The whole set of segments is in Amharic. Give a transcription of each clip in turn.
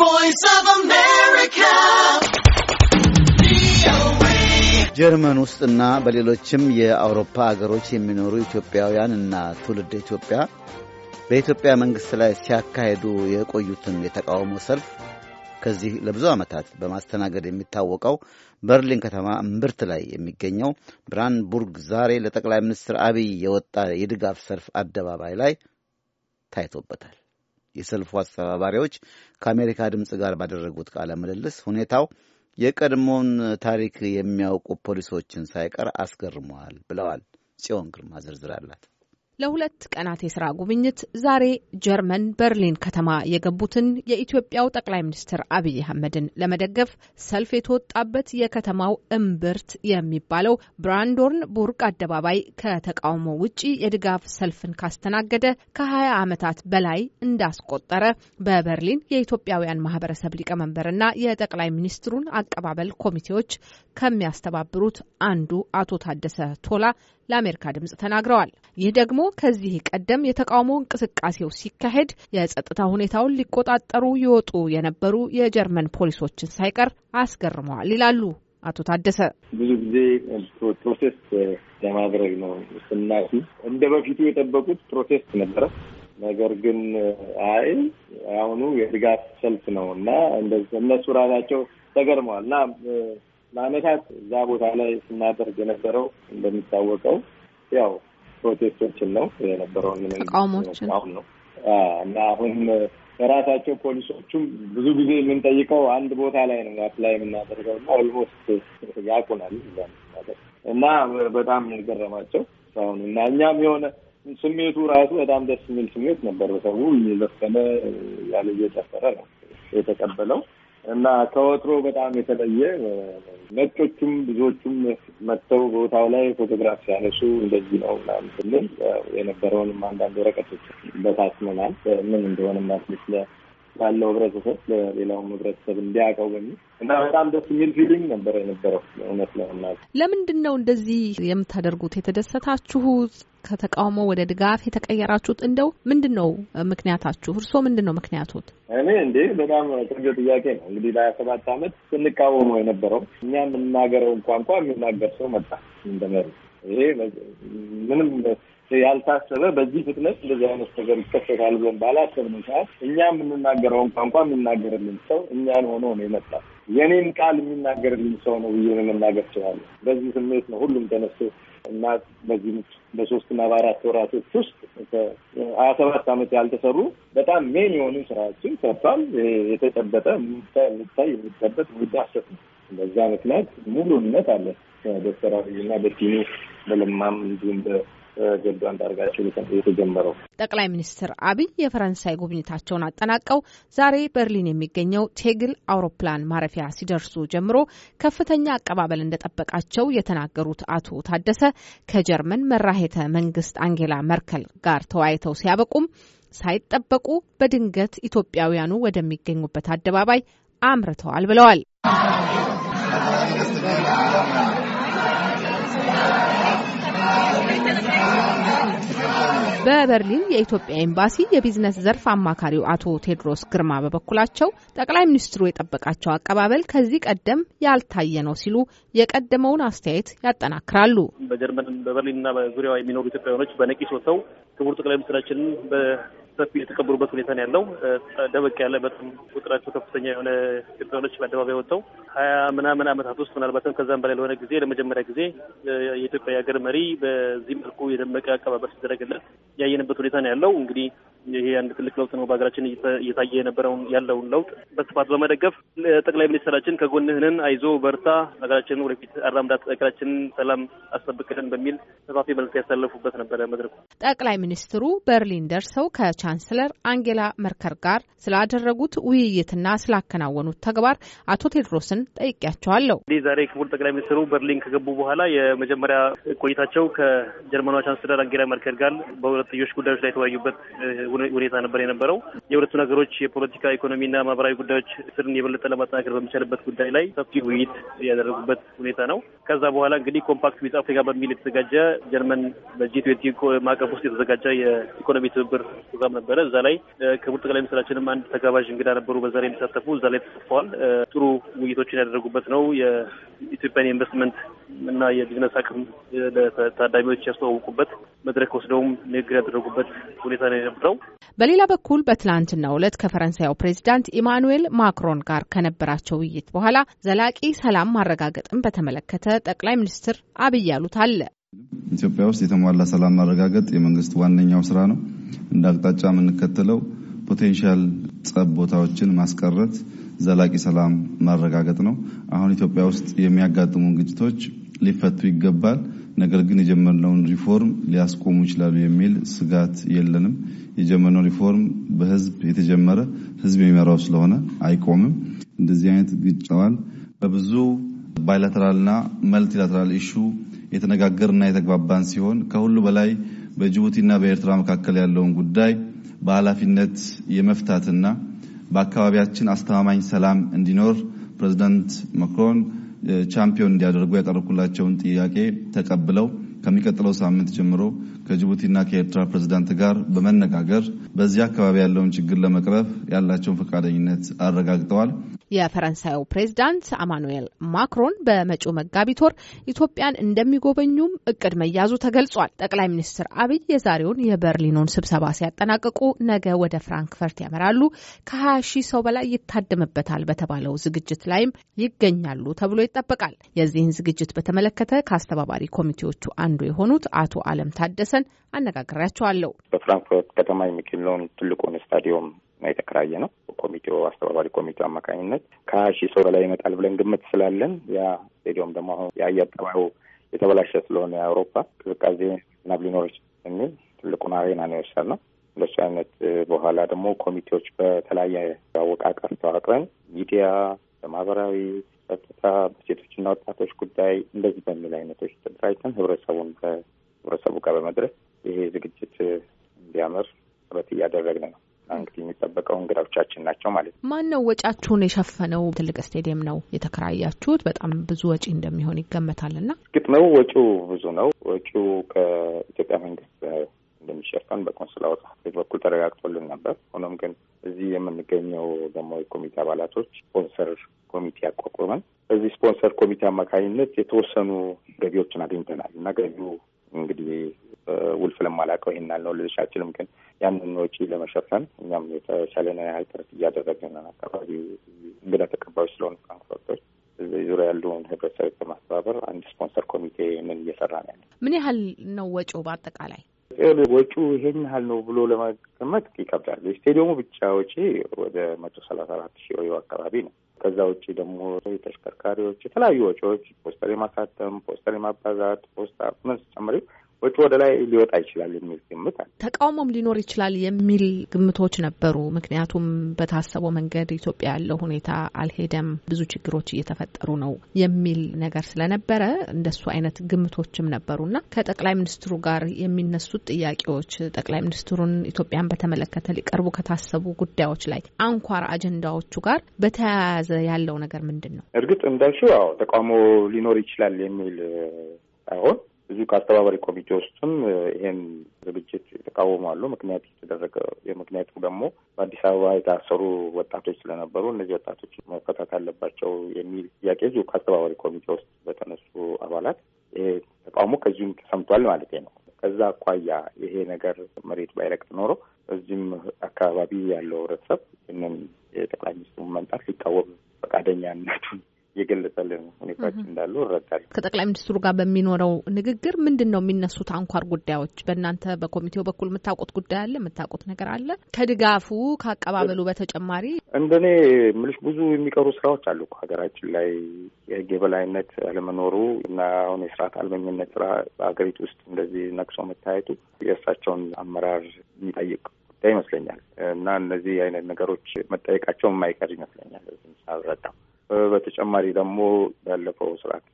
voice of America. ጀርመን ውስጥና በሌሎችም የአውሮፓ ሀገሮች የሚኖሩ ኢትዮጵያውያን እና ኢትዮጵያ በኢትዮጵያ መንግሥት ላይ ሲያካሄዱ የቆዩትን የተቃውሞ ሰልፍ ከዚህ ለብዙ ዓመታት በማስተናገድ የሚታወቀው በርሊን ከተማ እምብርት ላይ የሚገኘው ብራንድቡርግ ዛሬ ለጠቅላይ ሚኒስትር አብይ የወጣ የድጋፍ ሰልፍ አደባባይ ላይ ታይቶበታል። የሰልፉ አስተባባሪዎች ከአሜሪካ ድምፅ ጋር ባደረጉት ቃለ ምልልስ ሁኔታው የቀድሞውን ታሪክ የሚያውቁ ፖሊሶችን ሳይቀር አስገርመዋል ብለዋል። ጽዮን ግርማ ዝርዝር አላት። ለሁለት ቀናት የስራ ጉብኝት ዛሬ ጀርመን በርሊን ከተማ የገቡትን የኢትዮጵያው ጠቅላይ ሚኒስትር አብይ አህመድን ለመደገፍ ሰልፍ የተወጣበት የከተማው እምብርት የሚባለው ብራንዶርን ቡርግ አደባባይ ከተቃውሞ ውጪ የድጋፍ ሰልፍን ካስተናገደ ከ20 ዓመታት በላይ እንዳስቆጠረ በበርሊን የኢትዮጵያውያን ማህበረሰብ ሊቀመንበርና የጠቅላይ ሚኒስትሩን አቀባበል ኮሚቴዎች ከሚያስተባብሩት አንዱ አቶ ታደሰ ቶላ ለአሜሪካ ድምጽ ተናግረዋል። ይህ ደግሞ ከዚህ ቀደም የተቃውሞ እንቅስቃሴው ሲካሄድ የጸጥታ ሁኔታውን ሊቆጣጠሩ ይወጡ የነበሩ የጀርመን ፖሊሶችን ሳይቀር አስገርመዋል ይላሉ አቶ ታደሰ። ብዙ ጊዜ ፕሮቴስት ለማድረግ ነው ስና እንደ በፊቱ የጠበቁት ፕሮቴስት ነበረ። ነገር ግን አይ አሁኑ የድጋፍ ሰልፍ ነው እና እነሱ ራሳቸው ተገርመዋል እና ለአመታት እዛ ቦታ ላይ ስናደርግ የነበረው እንደሚታወቀው ያው ፕሮቴስቶችን ነው የነበረውን ተቃውሞችን ነው እና አሁን ራሳቸው ፖሊሶቹም ብዙ ጊዜ የምንጠይቀው አንድ ቦታ ላይ ነው አፕላይ የምናደርገው እና ኦልሞስት ያቁናል እና በጣም የገረማቸው አሁን እና እኛም የሆነ ስሜቱ ራሱ በጣም ደስ የሚል ስሜት ነበር። ሰው እየዘፈነ ያለ እየጨፈረ ነው የተቀበለው። እና ከወትሮ በጣም የተለየ ነጮቹም ብዙዎቹም መጥተው ቦታው ላይ ፎቶግራፍ ሲያነሱ እንደዚህ ነው ምናምን ስንል የነበረውንም አንዳንድ ወረቀቶች በታትመናል ምን እንደሆነ ምናትልች ላለው ህብረተሰብ ለሌላውም ህብረተሰብ እንዲያውቀው በሚል እና በጣም ደስ የሚል ፊሊንግ ነበር የነበረው። እውነት ለመናገር ለምንድን ነው እንደዚህ የምታደርጉት? የተደሰታችሁት? ከተቃውሞ ወደ ድጋፍ የተቀየራችሁት እንደው ምንድን ነው ምክንያታችሁ? እርስዎ ምንድን ነው ምክንያቱት? እኔ እንዴ በጣም ቆንጆ ጥያቄ ነው። እንግዲህ ለሀያ ሰባት ዓመት ስንቃወመው የነበረው እኛ የምናገረውን ቋንቋ የሚናገር ሰው መጣ እንደመሪ። ይሄ ምንም ያልታሰበ በዚህ ፍጥነት እንደዚህ አይነት ነገር ይከሰታል ብለን ባላሰብነው ሰዓት እኛ የምንናገረውን ቋንቋ የሚናገርልን ሰው እኛን ሆኖ ነው የመጣው። የኔን ቃል የሚናገርልኝ ሰው ነው ብዬ ለመናገር ችላለ። በዚህ ስሜት ነው ሁሉም ተነስቶ እና በዚህ በሶስትና በአራት ወራቶች ውስጥ ሀያ ሰባት ዓመት ያልተሰሩ በጣም ሜን የሆኑ ስራዎችን ሰርቷል። የተጨበጠ የሚታይ የሚጨበጥ የሚዳሰስ ነው። በዛ ምክንያት ሙሉ እምነት አለ በዶክተር አብይና በቲኒ በለማም እንዲሁም ገዱ አንዳርጋቸው የተጀመረው። ጠቅላይ ሚኒስትር አብይ የፈረንሳይ ጉብኝታቸውን አጠናቀው ዛሬ በርሊን የሚገኘው ቴግል አውሮፕላን ማረፊያ ሲደርሱ ጀምሮ ከፍተኛ አቀባበል እንደጠበቃቸው የተናገሩት አቶ ታደሰ ከጀርመን መራሄተ መንግስት አንጌላ መርከል ጋር ተወያይተው ሲያበቁም ሳይጠበቁ በድንገት ኢትዮጵያውያኑ ወደሚገኙበት አደባባይ አምርተዋል ብለዋል። በበርሊን የኢትዮጵያ ኤምባሲ የቢዝነስ ዘርፍ አማካሪው አቶ ቴድሮስ ግርማ በበኩላቸው ጠቅላይ ሚኒስትሩ የጠበቃቸው አቀባበል ከዚህ ቀደም ያልታየ ነው ሲሉ የቀደመውን አስተያየት ያጠናክራሉ። በጀርመን በበርሊንና በዙሪያዋ የሚኖሩ ኢትዮጵያውያኖች በነቂስ ወጥተው ክቡር ጠቅላይ ሚኒስትራችንን ሰፊ የተቀበሩበት ሁኔታ ነው ያለው። ደበቅ ያለ በጣም ቁጥራቸው ከፍተኛ የሆነ ኢትዮጵያኖች በአደባባይ ወጥተው ሀያ ምናምን ዓመታት ውስጥ ምናልባትም ከዛም በላይ ለሆነ ጊዜ ለመጀመሪያ ጊዜ የኢትዮጵያ የሀገር መሪ በዚህ መልኩ የደመቀ አቀባበል ሲደረግለት ያየንበት ሁኔታ ነው ያለው። እንግዲህ ይሄ አንድ ትልቅ ለውጥ ነው። በሀገራችን እየታየ የነበረውን ያለውን ለውጥ በስፋት በመደገፍ ጠቅላይ ሚኒስትራችን ከጎንህንን፣ አይዞ በርታ፣ ሀገራችን ወደፊት አራምዳት፣ ሀገራችን ሰላም አስጠብቅልን በሚል ሰፋፊ መልዕክት ያሳለፉበት ነበረ መድረኩ። ጠቅላይ ሚኒስትሩ በርሊን ደርሰው ከ ቻንስለር አንጌላ መርከር ጋር ስላደረጉት ውይይትና ስላከናወኑት ተግባር አቶ ቴድሮስን ጠይቄያቸዋለሁ። እንዲህ ዛሬ ክቡር ጠቅላይ ሚኒስትሩ በርሊን ከገቡ በኋላ የመጀመሪያ ቆይታቸው ከጀርመኗ ቻንስለር አንጌላ መርከር ጋር በሁለትዮሽ ጉዳዮች ላይ የተወያዩበት ሁኔታ ነበር የነበረው። የሁለቱ ነገሮች የፖለቲካ ኢኮኖሚና ማህበራዊ ጉዳዮች ስርን የበለጠ ለማጠናከር በሚቻልበት ጉዳይ ላይ ሰፊ ውይይት ያደረጉበት ሁኔታ ነው። ከዛ በኋላ እንግዲህ ኮምፓክት ዊዝ አፍሪካ በሚል የተዘጋጀ ጀርመን በጂ ትዌንቲ ማዕቀፍ ውስጥ የተዘጋጀ የኢኮኖሚ ትብብር ፕሮግራም ነበረ። እዛ ላይ ክቡር ጠቅላይ ሚኒስትራችንም አንድ ተጋባዥ እንግዳ ነበሩ። በዛ ላይ የሚሳተፉ እዛ ላይ ተሳትፈዋል። ጥሩ ውይይቶችን ያደረጉበት ነው። የኢትዮጵያን የኢንቨስትመንት እና የቢዝነስ አቅም ለታዳሚዎች ያስተዋውቁበት መድረክ ወስደውም ንግግር ያደረጉበት ሁኔታ ነው የነበረው። በሌላ በኩል በትናንትናው ዕለት ከፈረንሳያው ፕሬዚዳንት ኢማኑዌል ማክሮን ጋር ከነበራቸው ውይይት በኋላ ዘላቂ ሰላም ማረጋገጥን በተመለከተ ጠቅላይ ሚኒስትር አብይ ያሉት አለ። ኢትዮጵያ ውስጥ የተሟላ ሰላም ማረጋገጥ የመንግስት ዋነኛው ስራ ነው። እንደ አቅጣጫ የምንከተለው ፖቴንሻል ጸብ ቦታዎችን ማስቀረት፣ ዘላቂ ሰላም ማረጋገጥ ነው። አሁን ኢትዮጵያ ውስጥ የሚያጋጥሙ ግጭቶች ሊፈቱ ይገባል። ነገር ግን የጀመርነውን ሪፎርም ሊያስቆሙ ይችላሉ የሚል ስጋት የለንም። የጀመርነው ሪፎርም በህዝብ የተጀመረ ህዝብ የሚመራው ስለሆነ አይቆምም። እንደዚህ አይነት ግጭዋል በብዙ ባይላተራልና መልቲላተራል ኢሹ የተነጋገርና የተግባባን ሲሆን ከሁሉ በላይ በጅቡቲና በኤርትራ መካከል ያለውን ጉዳይ በኃላፊነት የመፍታትና በአካባቢያችን አስተማማኝ ሰላም እንዲኖር ፕሬዚዳንት ማክሮን ቻምፒዮን እንዲያደርጉ ያቀረብኩላቸውን ጥያቄ ተቀብለው ከሚቀጥለው ሳምንት ጀምሮ ከጅቡቲና ከኤርትራ ፕሬዚዳንት ጋር በመነጋገር በዚህ አካባቢ ያለውን ችግር ለመቅረፍ ያላቸውን ፈቃደኝነት አረጋግጠዋል። የፈረንሳዩ ፕሬዚዳንት አማኑኤል ማክሮን በመጪው መጋቢት ወር ኢትዮጵያን እንደሚጎበኙም እቅድ መያዙ ተገልጿል። ጠቅላይ ሚኒስትር አብይ የዛሬውን የበርሊኑን ስብሰባ ሲያጠናቅቁ ነገ ወደ ፍራንክፈርት ያመራሉ። ከ20 ሺህ ሰው በላይ ይታደምበታል በተባለው ዝግጅት ላይም ይገኛሉ ተብሎ ይጠበቃል። የዚህን ዝግጅት በተመለከተ ከአስተባባሪ ኮሚቴዎቹ አንዱ የሆኑት አቶ አለም ታደሰ ዮናስን አነጋግሬያቸዋለሁ። በፍራንክፈርት ከተማ የሚገኘውን ትልቁን ስታዲየም ነው የተከራየ ነው። ኮሚቴው አስተባባሪ ኮሚቴው አማካኝነት ከሀያ ሺህ ሰው በላይ ይመጣል ብለን ግምት ስላለን ያ ስቴዲየም ደግሞ አሁን የአየር ጠባዩ የተበላሸ ስለሆነ የአውሮፓ ቅዝቃዜ ናብ ሊኖሮች የሚል ትልቁን አሬና ነው የወሰድ ነው። እንደሱ አይነት በኋላ ደግሞ ኮሚቴዎች በተለያየ አወቃቀር ተዋቅረን ሚዲያ በማህበራዊ ጸጥታ፣ በሴቶችና ወጣቶች ጉዳይ እንደዚህ በሚል አይነቶች ተደራጅተን ህብረተሰቡን ህብረተሰቡ ጋር በመድረስ ይሄ ዝግጅት እንዲያምር ጥረት እያደረግን ነው። እንግዲህ የሚጠበቀው እንግዳዎቻችን ናቸው ማለት ነው። ማን ነው ወጫችሁን የሸፈነው? ትልቅ ስቴዲየም ነው የተከራያችሁት። በጣም ብዙ ወጪ እንደሚሆን ይገመታል እና እርግጥ ነው ወጪው ብዙ ነው። ወጪው ከኢትዮጵያ መንግስት እንደሚሸፈን በቆንስላው ጽሕፈት በኩል ተረጋግጦልን ነበር። ሆኖም ግን እዚህ የምንገኘው ደግሞ የኮሚቴ አባላቶች ስፖንሰር ኮሚቴ አቋቁመን በዚህ ስፖንሰር ኮሚቴ አማካኝነት የተወሰኑ ገቢዎችን አግኝተናል እና ገቢው እንግዲህ ውልፍ ለማላውቀው ይሄን ያልነው ልልሽ አልችልም፣ ግን ያንን ወጪ ለመሸፈን እኛም የተቻለንን ያህል ጥረት እያደረግን አካባቢ እንግዳ ተቀባዮች ስለሆኑ ፍራንክፈርቶች እዚህ ዙሪያ ያለውን ህብረተሰብ በማስተባበር አንድ ስፖንሰር ኮሚቴ ምን እየሰራ ነው ያለ። ምን ያህል ነው ወጪው በአጠቃላይ? ወጪ ይሄን ያህል ነው ብሎ ለመገመት ይከብዳል። ስቴዲየሙ ብቻ ወጪ ወደ መቶ ሰላሳ አራት ሺህ አካባቢ ነው። ከዛ ውጭ ደግሞ የተሽከርካሪዎች የተለያዩ ወጪዎች ፖስተር የማሳተም ፖስተር የማባዛት ፖስታ ምን ጨምሪው ወጪ ወደ ላይ ሊወጣ ይችላል የሚል ግምት አለ። ተቃውሞም ሊኖር ይችላል የሚል ግምቶች ነበሩ። ምክንያቱም በታሰበው መንገድ ኢትዮጵያ ያለው ሁኔታ አልሄደም፣ ብዙ ችግሮች እየተፈጠሩ ነው የሚል ነገር ስለነበረ እንደሱ አይነት ግምቶችም ነበሩ እና ከጠቅላይ ሚኒስትሩ ጋር የሚነሱት ጥያቄዎች ጠቅላይ ሚኒስትሩን ኢትዮጵያን በተመለከተ ሊቀርቡ ከታሰቡ ጉዳዮች ላይ አንኳር አጀንዳዎቹ ጋር በተያያዘ ያለው ነገር ምንድን ነው? እርግጥ እንዳልሽው ተቃውሞ ሊኖር ይችላል የሚል ሳይሆን ብዙ ከአስተባባሪ ኮሚቴ ውስጥም ይሄን ዝግጅት የተቃወሙ አሉ። ምክንያት የተደረገ የምክንያቱ ደግሞ በአዲስ አበባ የታሰሩ ወጣቶች ስለነበሩ እነዚህ ወጣቶች መፈታት አለባቸው የሚል ጥያቄ እዚሁ ከአስተባባሪ ኮሚቴ ውስጥ በተነሱ አባላት ይሄ ተቃውሞ ከዚሁም ተሰምቷል ማለት ነው። ከዛ አኳያ ይሄ ነገር መሬት ባይረግጥ ኖሮ በዚህም አካባቢ ያለው ህብረተሰብ ይህንን የጠቅላይ ሚኒስትሩን መምጣት ሊቃወም ፈቃደኛነቱን የገለጸልን ሁኔታዎች እንዳሉ እረዳለሁ። ከጠቅላይ ሚኒስትሩ ጋር በሚኖረው ንግግር ምንድን ነው የሚነሱት አንኳር ጉዳዮች? በእናንተ በኮሚቴው በኩል የምታውቁት ጉዳይ አለ? የምታውቁት ነገር አለ? ከድጋፉ ከአቀባበሉ በተጨማሪ እንደኔ ምልሽ ብዙ የሚቀሩ ስራዎች አሉ ሀገራችን ላይ የህግ የበላይነት አለመኖሩ እና አሁን የስርዓት አልበኝነት ስራ በሀገሪቱ ውስጥ እንደዚህ ነቅሶ መታየቱ የእርሳቸውን አመራር የሚጠይቅ ጉዳይ ይመስለኛል እና እነዚህ አይነት ነገሮች መጠየቃቸው የማይቀር ይመስለኛል ሳልረዳም በተጨማሪ ደግሞ ባለፈው ስርዓት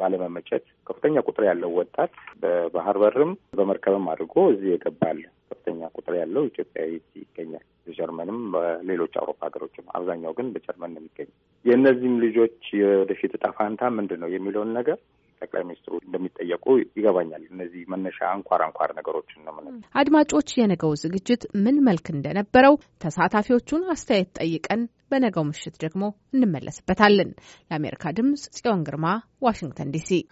ባለመመቸት ከፍተኛ ቁጥር ያለው ወጣት በባህር በርም በመርከብም አድርጎ እዚህ የገባል። ከፍተኛ ቁጥር ያለው ኢትዮጵያዊ ይገኛል። በጀርመንም በሌሎች አውሮፓ ሀገሮችም፣ አብዛኛው ግን በጀርመን ነው የሚገኘው። የእነዚህም ልጆች የወደፊት እጣ ፋንታ ምንድን ነው የሚለውን ነገር ጠቅላይ ሚኒስትሩ እንደሚጠየቁ ይገባኛል። እነዚህ መነሻ አንኳር አንኳር ነገሮችን ነው። አድማጮች፣ የነገው ዝግጅት ምን መልክ እንደነበረው ተሳታፊዎቹን አስተያየት ጠይቀን በነገው ምሽት ደግሞ እንመለስበታለን። ለአሜሪካ ድምጽ ጽዮን ግርማ ዋሽንግተን ዲሲ